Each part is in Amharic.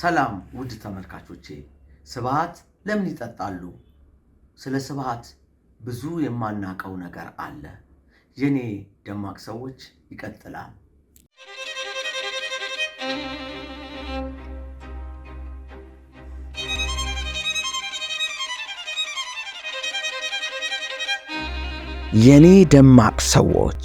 ሰላም ውድ ተመልካቾቼ፣ ስብሐት ለምን ይጠጣሉ? ስለ ስብሐት ብዙ የማናቀው ነገር አለ። የኔ ደማቅ ሰዎች ይቀጥላል። የኔ ደማቅ ሰዎች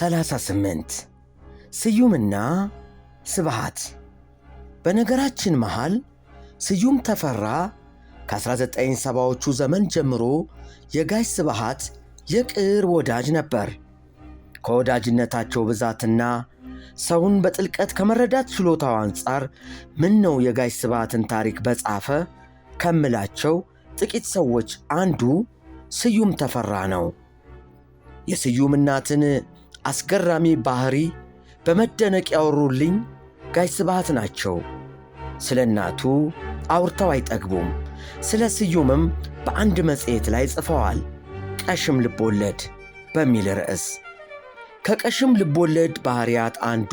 38 ስዩምና ስብሃት በነገራችን መሃል ስዩም ተፈራ ከ1970ዎቹ ዘመን ጀምሮ የጋሽ ስብሃት የቅርብ ወዳጅ ነበር። ከወዳጅነታቸው ብዛትና ሰውን በጥልቀት ከመረዳት ችሎታው አንጻር ምን ነው የጋሽ ስብሃትን ታሪክ በጻፈ ከምላቸው ጥቂት ሰዎች አንዱ ስዩም ተፈራ ነው። የስዩም እናትን አስገራሚ ባህሪ በመደነቅ ያወሩልኝ ጋሽ ስብሐት ናቸው። ስለ እናቱ አውርተው አይጠግቡም። ስለ ስዩምም በአንድ መጽሔት ላይ ጽፈዋል። ቀሽም ልቦለድ በሚል ርዕስ ከቀሽም ልቦለድ ባሕርያት አንዱ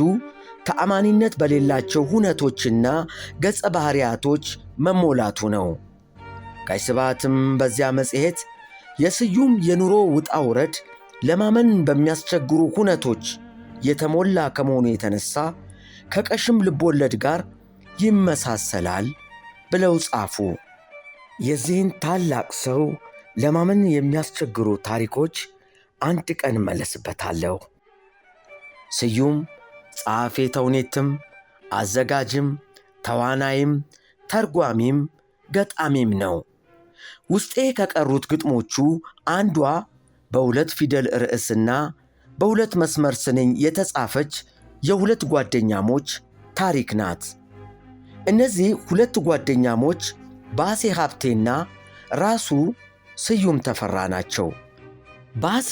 ተአማኒነት በሌላቸው ሁነቶችና ገጸ ባሕርያቶች መሞላቱ ነው። ጋሽ ስብሐትም በዚያ መጽሔት የስዩም የኑሮ ውጣ ውረድ ለማመን በሚያስቸግሩ ሁነቶች የተሞላ ከመሆኑ የተነሳ ከቀሽም ልቦለድ ጋር ይመሳሰላል ብለው ጻፉ። የዚህን ታላቅ ሰው ለማመን የሚያስቸግሩ ታሪኮች አንድ ቀን እመለስበታለሁ። ስዩም ጸሐፌ ተውኔትም አዘጋጅም ተዋናይም ተርጓሚም ገጣሚም ነው። ውስጤ ከቀሩት ግጥሞቹ አንዷ በሁለት ፊደል ርዕስና በሁለት መስመር ስንኝ የተጻፈች የሁለት ጓደኛሞች ታሪክ ናት። እነዚህ ሁለት ጓደኛሞች ባሴ ሀብቴና ራሱ ስዩም ተፈራ ናቸው። ባሴ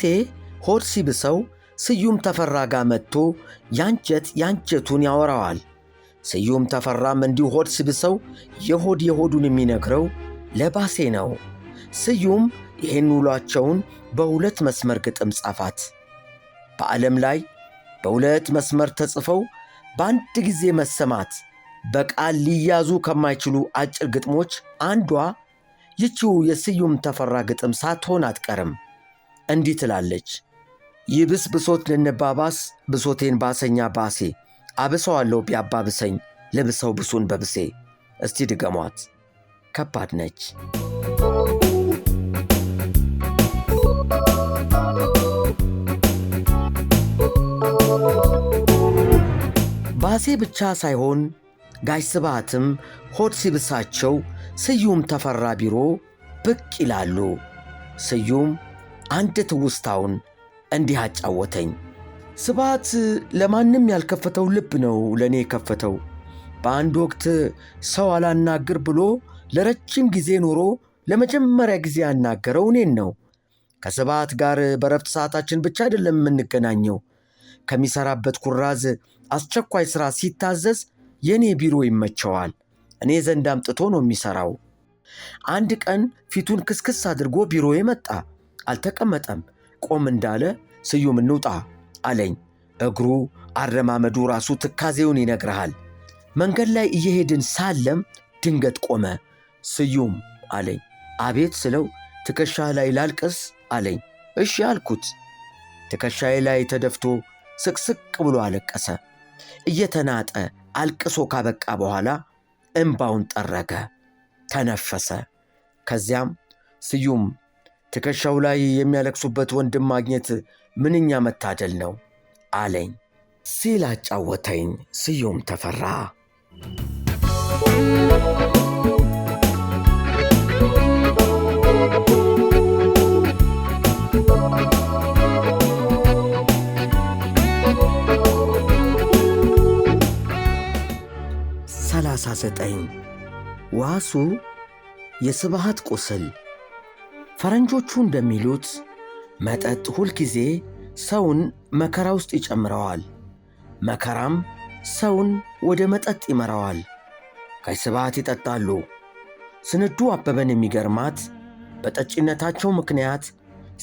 ሆድ ሲብሰው ስዩም ተፈራ ጋር መጥቶ ያንጀት ያንጀቱን ያወራዋል። ስዩም ተፈራም እንዲሁ ሆድ ሲብሰው የሆድ የሆዱን የሚነግረው ለባሴ ነው። ስዩም ይህን ውሏቸውን በሁለት መስመር ግጥም ጻፋት። በዓለም ላይ በሁለት መስመር ተጽፈው በአንድ ጊዜ መሰማት በቃል ሊያዙ ከማይችሉ አጭር ግጥሞች አንዷ ይቺው የስዩም ተፈራ ግጥም ሳትሆን አትቀርም። እንዲህ ትላለች። ይብስ ብሶት ልንባባስ ብሶቴን ባሰኛ ባሴ አብሰዋለሁ ቢያባብሰኝ ልብሰው ብሱን በብሴ። እስቲ ድገሟት። ከባድ ነች። ራሴ ብቻ ሳይሆን ጋሽ ስብዓትም ሆድ ሲብሳቸው ስዩም ተፈራ ቢሮ ብቅ ይላሉ። ስዩም አንድ ትውስታውን እንዲህ አጫወተኝ። ስብዓት ለማንም ያልከፈተው ልብ ነው ለእኔ የከፈተው። በአንድ ወቅት ሰው አላናግር ብሎ ለረጅም ጊዜ ኖሮ ለመጀመሪያ ጊዜ ያናገረው እኔን ነው። ከስብዓት ጋር በረፍት ሰዓታችን ብቻ አይደለም የምንገናኘው። ከሚሰራበት ኩራዝ አስቸኳይ ሥራ ሲታዘዝ የእኔ ቢሮ ይመቸዋል። እኔ ዘንድ አምጥቶ ነው የሚሠራው። አንድ ቀን ፊቱን ክስክስ አድርጎ ቢሮ የመጣ አልተቀመጠም። ቆም እንዳለ ስዩም እንውጣ አለኝ። እግሩ አረማመዱ ራሱ ትካዜውን ይነግረሃል! መንገድ ላይ እየሄድን ሳለም ድንገት ቆመ። ስዩም አለኝ። አቤት ስለው ትከሻ ላይ ላልቅስ አለኝ። እሺ አልኩት። ትከሻዬ ላይ ተደፍቶ ስቅስቅ ብሎ አለቀሰ። እየተናጠ አልቅሶ ካበቃ በኋላ እምባውን ጠረገ፣ ተነፈሰ። ከዚያም ስዩም ትከሻው ላይ የሚያለቅሱበት ወንድም ማግኘት ምንኛ መታደል ነው አለኝ ሲል አጫወተኝ። ስዩም ተፈራ 39 ዋሱ የስብሃት ቁስል ፈረንጆቹ እንደሚሉት መጠጥ ሁልጊዜ ሰውን መከራ ውስጥ ይጨምረዋል፣ መከራም ሰውን ወደ መጠጥ ይመራዋል። ከስብሃት ይጠጣሉ። ስንዱ አበበን የሚገርማት በጠጪነታቸው ምክንያት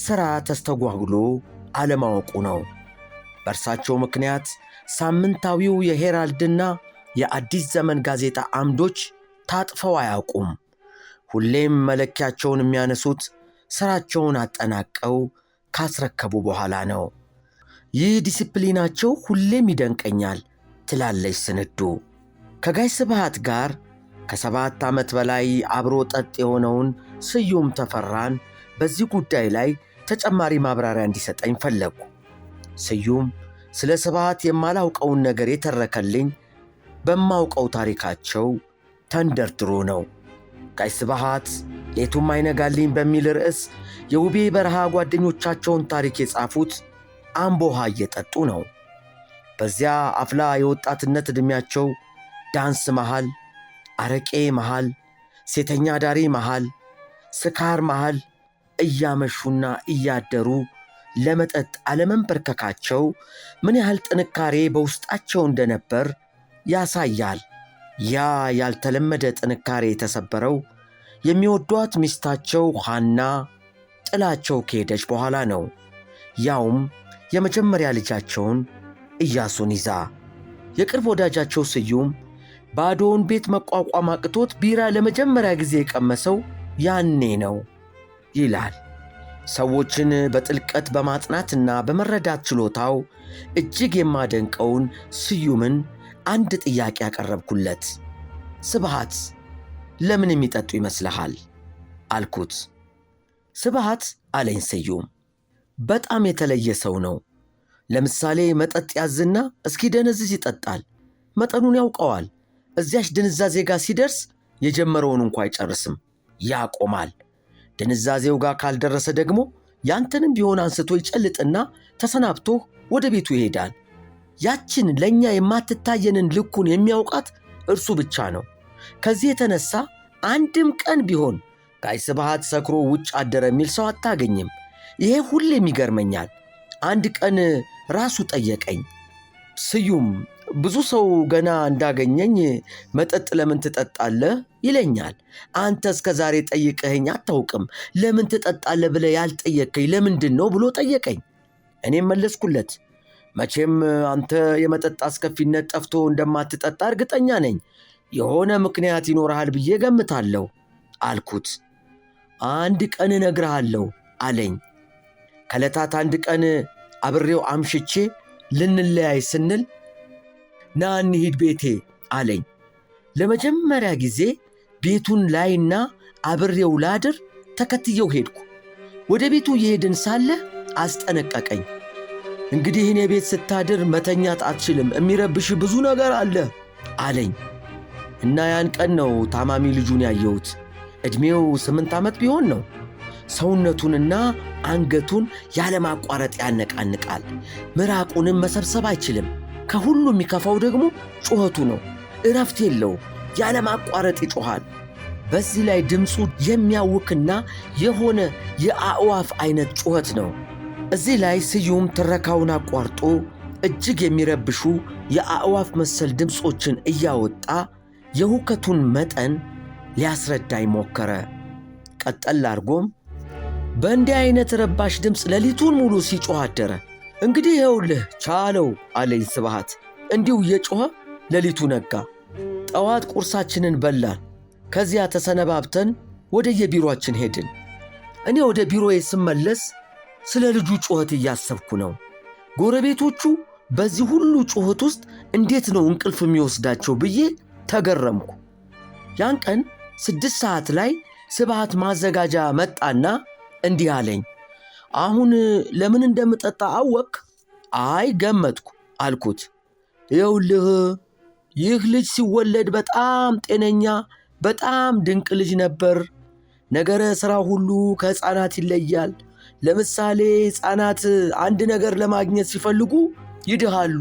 ሥራ ተስተጓጉሎ አለማወቁ ነው። በእርሳቸው ምክንያት ሳምንታዊው የሄራልድና የአዲስ ዘመን ጋዜጣ አምዶች ታጥፈው አያውቁም። ሁሌም መለኪያቸውን የሚያነሱት ሥራቸውን አጠናቀው ካስረከቡ በኋላ ነው። ይህ ዲስፕሊናቸው ሁሌም ይደንቀኛል ትላለች ስንዱ። ከጋይ ስብሃት ጋር ከሰባት ዓመት በላይ አብሮ ጠጥ የሆነውን ስዩም ተፈራን በዚህ ጉዳይ ላይ ተጨማሪ ማብራሪያ እንዲሰጠኝ ፈለጉ። ስዩም ስለ ስብሃት የማላውቀውን ነገር የተረከልኝ በማውቀው ታሪካቸው ተንደርድሮ ነው። ቀይ ስብሐት ሌቱም አይነጋልኝ በሚል ርዕስ የውቤ በረሃ ጓደኞቻቸውን ታሪክ የጻፉት አምቦ ውሃ እየጠጡ ነው። በዚያ አፍላ የወጣትነት ዕድሜያቸው ዳንስ መሃል፣ አረቄ መሃል፣ ሴተኛ ዳሪ መሃል፣ ስካር መሃል እያመሹና እያደሩ ለመጠጥ አለመንበርከካቸው ምን ያህል ጥንካሬ በውስጣቸው እንደነበር ያሳያል። ያ ያልተለመደ ጥንካሬ የተሰበረው የሚወዷት ሚስታቸው ሐና ጥላቸው ከሄደች በኋላ ነው። ያውም የመጀመሪያ ልጃቸውን ኢያሱን ይዛ። የቅርብ ወዳጃቸው ስዩም ባዶውን ቤት መቋቋም አቅቶት ቢራ ለመጀመሪያ ጊዜ የቀመሰው ያኔ ነው ይላል። ሰዎችን በጥልቀት በማጥናትና በመረዳት ችሎታው እጅግ የማደንቀውን ስዩምን አንድ ጥያቄ ያቀረብኩለት፣ ስብሃት ለምን የሚጠጡ ይመስልሃል አልኩት። ስብሃት አለኝ ስዩም በጣም የተለየ ሰው ነው። ለምሳሌ መጠጥ ያዝና ደነዝዝ ይጠጣል። መጠኑን ያውቀዋል። እዚያች ድንዛዜ ጋር ሲደርስ የጀመረውን እንኳ አይጨርስም፣ ያቆማል። ድንዛዜው ጋር ካልደረሰ ደግሞ ያንተንም ቢሆን አንስቶ ይጨልጥና ተሰናብቶህ ወደ ቤቱ ይሄዳል። ያችን ለእኛ የማትታየንን ልኩን የሚያውቃት እርሱ ብቻ ነው። ከዚህ የተነሳ አንድም ቀን ቢሆን ጋይ ስብሐት ሰክሮ ውጭ አደረ የሚል ሰው አታገኝም። ይሄ ሁሌም ይገርመኛል። አንድ ቀን ራሱ ጠየቀኝ፣ ስዩም ብዙ ሰው ገና እንዳገኘኝ መጠጥ ለምን ትጠጣለህ ይለኛል። አንተ እስከ ዛሬ ጠይቀኸኝ አታውቅም፣ ለምን ትጠጣለህ ብለህ ያልጠየቀኝ ለምንድን ነው ብሎ ጠየቀኝ። እኔም መለስኩለት መቼም አንተ የመጠጥ አስከፊነት ጠፍቶ እንደማትጠጣ እርግጠኛ ነኝ። የሆነ ምክንያት ይኖርሃል ብዬ ገምታለሁ አልኩት። አንድ ቀን እነግርሃለሁ አለኝ። ከለታት አንድ ቀን አብሬው አምሽቼ ልንለያይ ስንል ና እንሂድ ቤቴ አለኝ። ለመጀመሪያ ጊዜ ቤቱን ላይና አብሬው ላድር ተከትየው ሄድኩ። ወደ ቤቱ እየሄድን ሳለ አስጠነቀቀኝ። እንግዲህ እኔ ቤት ስታድር መተኛት አትችልም፣ የሚረብሽ ብዙ ነገር አለ አለኝ እና ያን ቀን ነው ታማሚ ልጁን ያየሁት። ዕድሜው ስምንት ዓመት ቢሆን ነው። ሰውነቱንና አንገቱን ያለማቋረጥ ያነቃንቃል። ምራቁንም መሰብሰብ አይችልም። ከሁሉ የሚከፋው ደግሞ ጩኸቱ ነው። እረፍት የለው ያለማቋረጥ ይጮኋል። በዚህ ላይ ድምፁ የሚያውክና የሆነ የአእዋፍ አይነት ጩኸት ነው። እዚህ ላይ ስዩም ትረካውን አቋርጦ እጅግ የሚረብሹ የአእዋፍ መሰል ድምፆችን እያወጣ የሁከቱን መጠን ሊያስረዳኝ ሞከረ። ቀጠል አድርጎም በእንዲህ አይነት ረባሽ ድምፅ ሌሊቱን ሙሉ ሲጮኽ አደረ። እንግዲህ ይኸውልህ ቻለው አለኝ ስብሃት። እንዲሁ እየጮኸ ሌሊቱ ነጋ። ጠዋት ቁርሳችንን በላን። ከዚያ ተሰነባብተን ወደ የቢሮአችን ሄድን። እኔ ወደ ቢሮዬ ስመለስ ስለ ልጁ ጩኸት እያሰብኩ ነው። ጎረቤቶቹ በዚህ ሁሉ ጩኸት ውስጥ እንዴት ነው እንቅልፍ የሚወስዳቸው ብዬ ተገረምኩ። ያን ቀን ስድስት ሰዓት ላይ ስብሃት ማዘጋጃ መጣና እንዲህ አለኝ። አሁን ለምን እንደምጠጣ አወቅ? አይ ገመትኩ አልኩት። ይኸውልህ ይህ ልጅ ሲወለድ በጣም ጤነኛ፣ በጣም ድንቅ ልጅ ነበር። ነገረ ሥራ ሁሉ ከሕፃናት ይለያል። ለምሳሌ ሕፃናት አንድ ነገር ለማግኘት ሲፈልጉ ይድሃሉ።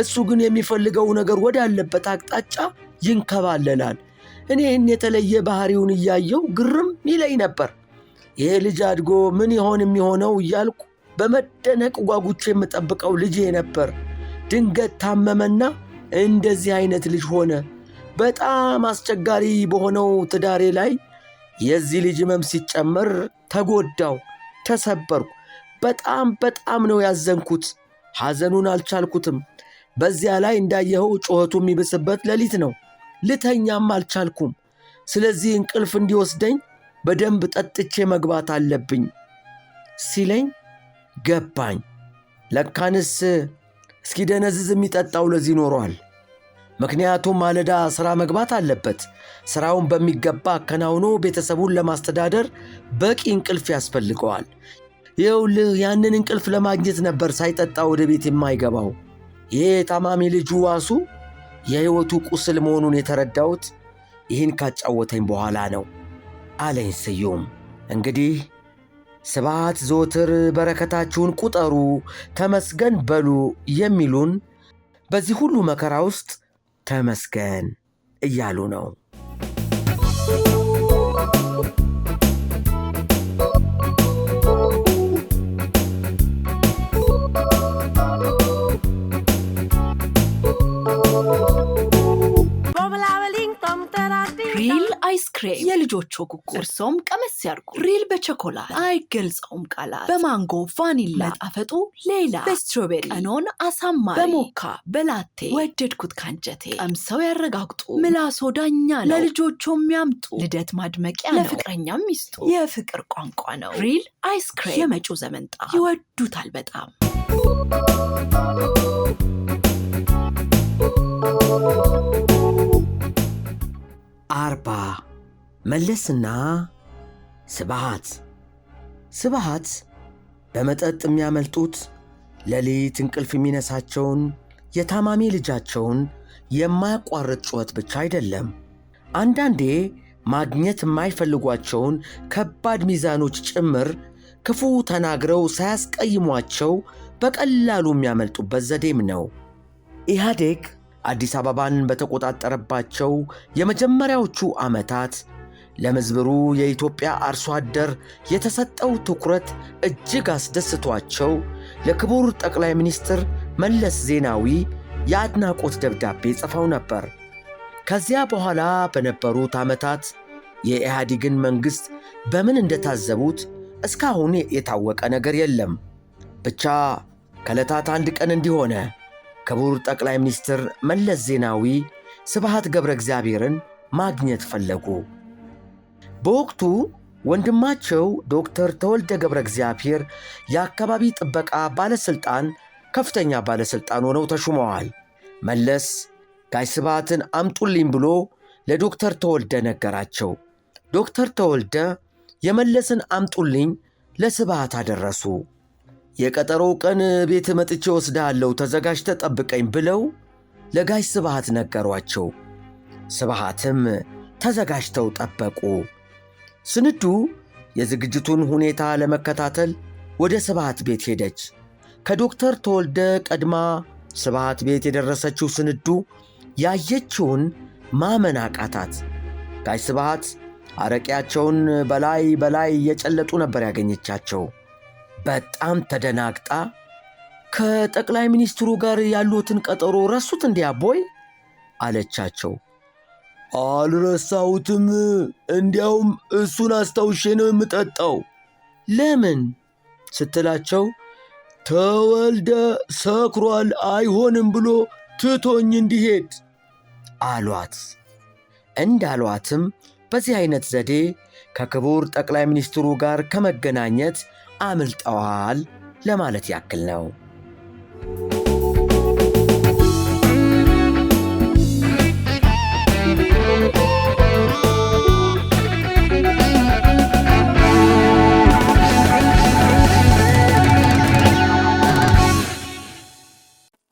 እሱ ግን የሚፈልገው ነገር ወዳለበት አቅጣጫ ይንከባለላል። እኔ ይህን የተለየ ባህሪውን እያየው ግርም ይለኝ ነበር። ይሄ ልጅ አድጎ ምን ይሆን የሚሆነው እያልኩ በመደነቅ ጓጉቼ የምጠብቀው ልጄ ነበር። ድንገት ታመመና እንደዚህ አይነት ልጅ ሆነ። በጣም አስቸጋሪ በሆነው ትዳሬ ላይ የዚህ ልጅ ህመም ሲጨመር ተጎዳው። ተሰበርኩ። በጣም በጣም ነው ያዘንኩት። ሐዘኑን አልቻልኩትም። በዚያ ላይ እንዳየኸው ጩኸቱ የሚብስበት ሌሊት ነው። ልተኛም አልቻልኩም። ስለዚህ እንቅልፍ እንዲወስደኝ በደንብ ጠጥቼ መግባት አለብኝ ሲለኝ ገባኝ። ለካንስ እስኪደነዝዝ የሚጠጣው ለዚህ ኖሯል። ምክንያቱም ማለዳ ሥራ መግባት አለበት። ሥራውን በሚገባ አከናውኖ ቤተሰቡን ለማስተዳደር በቂ እንቅልፍ ያስፈልገዋል። ይኸውልህ ያንን እንቅልፍ ለማግኘት ነበር ሳይጠጣ ወደ ቤት የማይገባው። ይሄ ታማሚ ልጁ ዋሱ የሕይወቱ ቁስል መሆኑን የተረዳሁት ይህን ካጫወተኝ በኋላ ነው አለኝ ስዩም። እንግዲህ ስብሐት ዘወትር በረከታችሁን ቁጠሩ፣ ተመስገን በሉ የሚሉን በዚህ ሁሉ መከራ ውስጥ ተመስገን እያሉ ነው። ክሬም፣ የልጆቹ ጉጉ። እርሶም ቀመስ ያድርጉ። ሪል በቸኮላት አይገልጸውም ቃላት። በማንጎ ቫኒላ ጣፈጡ! ሌላ፣ በስትሮቤሪ ቀኖን አሳማሪ፣ በሞካ በላቴ ወደድኩት ካንጀቴ። ቀምሰው ያረጋግጡ፣ ምላሶ ዳኛ ነው። ለልጆቹ የሚያምጡ ልደት ማድመቂያ ነው። ለፍቅረኛም ሚስጡ የፍቅር ቋንቋ ነው። ሪል አይስክሬም የመጪው ዘመን ጣ ይወዱታል በጣም። አርባ መለስና ስብሃት ስብሃት በመጠጥ የሚያመልጡት ሌሊት እንቅልፍ የሚነሳቸውን የታማሚ ልጃቸውን የማያቋርጥ ጩኸት ብቻ አይደለም፣ አንዳንዴ ማግኘት የማይፈልጓቸውን ከባድ ሚዛኖች ጭምር ክፉ ተናግረው ሳያስቀይሟቸው በቀላሉ የሚያመልጡበት ዘዴም ነው። ኢህአዴግ አዲስ አበባን በተቆጣጠረባቸው የመጀመሪያዎቹ ዓመታት ለመዝሙሩ የኢትዮጵያ አርሶ አደር የተሰጠው ትኩረት እጅግ አስደስቷቸው ለክቡር ጠቅላይ ሚኒስትር መለስ ዜናዊ የአድናቆት ደብዳቤ ጽፈው ነበር። ከዚያ በኋላ በነበሩት ዓመታት የኢህአዲግን መንግሥት በምን እንደታዘቡት እስካሁን የታወቀ ነገር የለም። ብቻ ከዕለታት አንድ ቀን እንዲሆነ ክቡር ጠቅላይ ሚኒስትር መለስ ዜናዊ ስብሃት ገብረ እግዚአብሔርን ማግኘት ፈለጉ። በወቅቱ ወንድማቸው ዶክተር ተወልደ ገብረ እግዚአብሔር የአካባቢ ጥበቃ ባለሥልጣን ከፍተኛ ባለሥልጣን ሆነው ተሹመዋል። መለስ ጋይ ስብዓትን አምጡልኝ ብሎ ለዶክተር ተወልደ ነገራቸው። ዶክተር ተወልደ የመለስን አምጡልኝ ለስብዓት አደረሱ። የቀጠሮው ቀን ቤት መጥቼ ወስዳለሁ፣ ተዘጋጅተ ጠብቀኝ ብለው ለጋይ ስብዓት ነገሯቸው። ስብዓትም ተዘጋጅተው ጠበቁ። ስንዱ የዝግጅቱን ሁኔታ ለመከታተል ወደ ስብሃት ቤት ሄደች። ከዶክተር ተወልደ ቀድማ ስብሃት ቤት የደረሰችው ስንዱ ያየችውን ማመን አቃታት። ጋሽ ስብሃት አረቂያቸውን በላይ በላይ እየጨለጡ ነበር ያገኘቻቸው። በጣም ተደናግጣ ከጠቅላይ ሚኒስትሩ ጋር ያሉትን ቀጠሮ ረሱት እንዲያቦይ አለቻቸው። አልረሳሁትም። እንዲያውም እሱን አስታውሼ ነው የምጠጣው። ለምን ስትላቸው ተወልደ ሰክሯል፣ አይሆንም ብሎ ትቶኝ እንዲሄድ አሏት። እንዳሏትም በዚህ አይነት ዘዴ ከክቡር ጠቅላይ ሚኒስትሩ ጋር ከመገናኘት አምልጠዋል ለማለት ያክል ነው።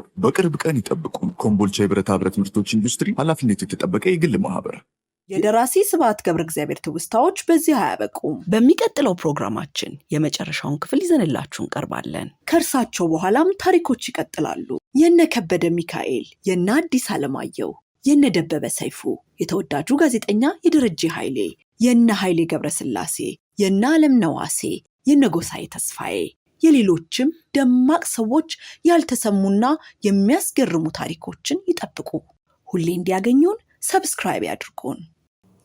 ፎር በቅርብ ቀን ይጠብቁ። ኮምቦልቻ የብረታ ብረት ምርቶች ኢንዱስትሪ ኃላፊነቱ የተጠበቀ የግል ማህበር። የደራሲ ስብሐት ገብረ እግዚአብሔር ትውስታዎች በዚህ አያበቁም። በሚቀጥለው ፕሮግራማችን የመጨረሻውን ክፍል ይዘንላችሁ እንቀርባለን። ከእርሳቸው በኋላም ታሪኮች ይቀጥላሉ። የነ ከበደ ሚካኤል፣ የነ አዲስ አለማየሁ፣ የነ ደበበ ሰይፉ፣ የተወዳጁ ጋዜጠኛ የደረጀ ኃይሌ፣ የነ ኃይሌ ገብረ ስላሴ፣ የነ አለም ነዋሴ፣ የነ ጎሳዬ ተስፋዬ የሌሎችም ደማቅ ሰዎች ያልተሰሙና የሚያስገርሙ ታሪኮችን ይጠብቁ። ሁሌ እንዲያገኙን ሰብስክራይብ ያድርጉን።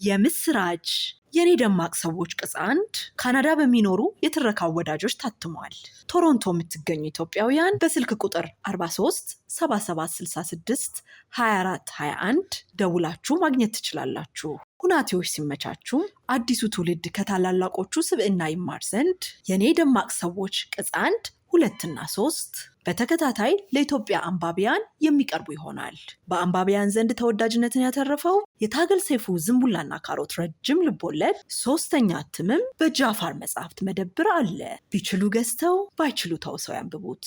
የምስራች የኔ ደማቅ ሰዎች ቅጽ አንድ ካናዳ በሚኖሩ የትረካ ወዳጆች ታትሟል። ቶሮንቶ የምትገኙ ኢትዮጵያውያን በስልክ ቁጥር 43 7766 2421 ደውላችሁ ማግኘት ትችላላችሁ። ሁናቴዎች ሲመቻቹ አዲሱ ትውልድ ከታላላቆቹ ስብዕና ይማር ዘንድ የኔ ደማቅ ሰዎች ቅጽ አንድ ሁለትና ሶስት በተከታታይ ለኢትዮጵያ አንባቢያን የሚቀርቡ ይሆናል። በአንባቢያን ዘንድ ተወዳጅነትን ያተረፈው የታገል ሰይፉ ዝንቡላና ካሮት ረጅም ልቦለድ ሶስተኛ እትምም በጃፋር መጽሐፍት መደብር አለ። ቢችሉ ገዝተው ባይችሉ ተውሰው ያንብቡት።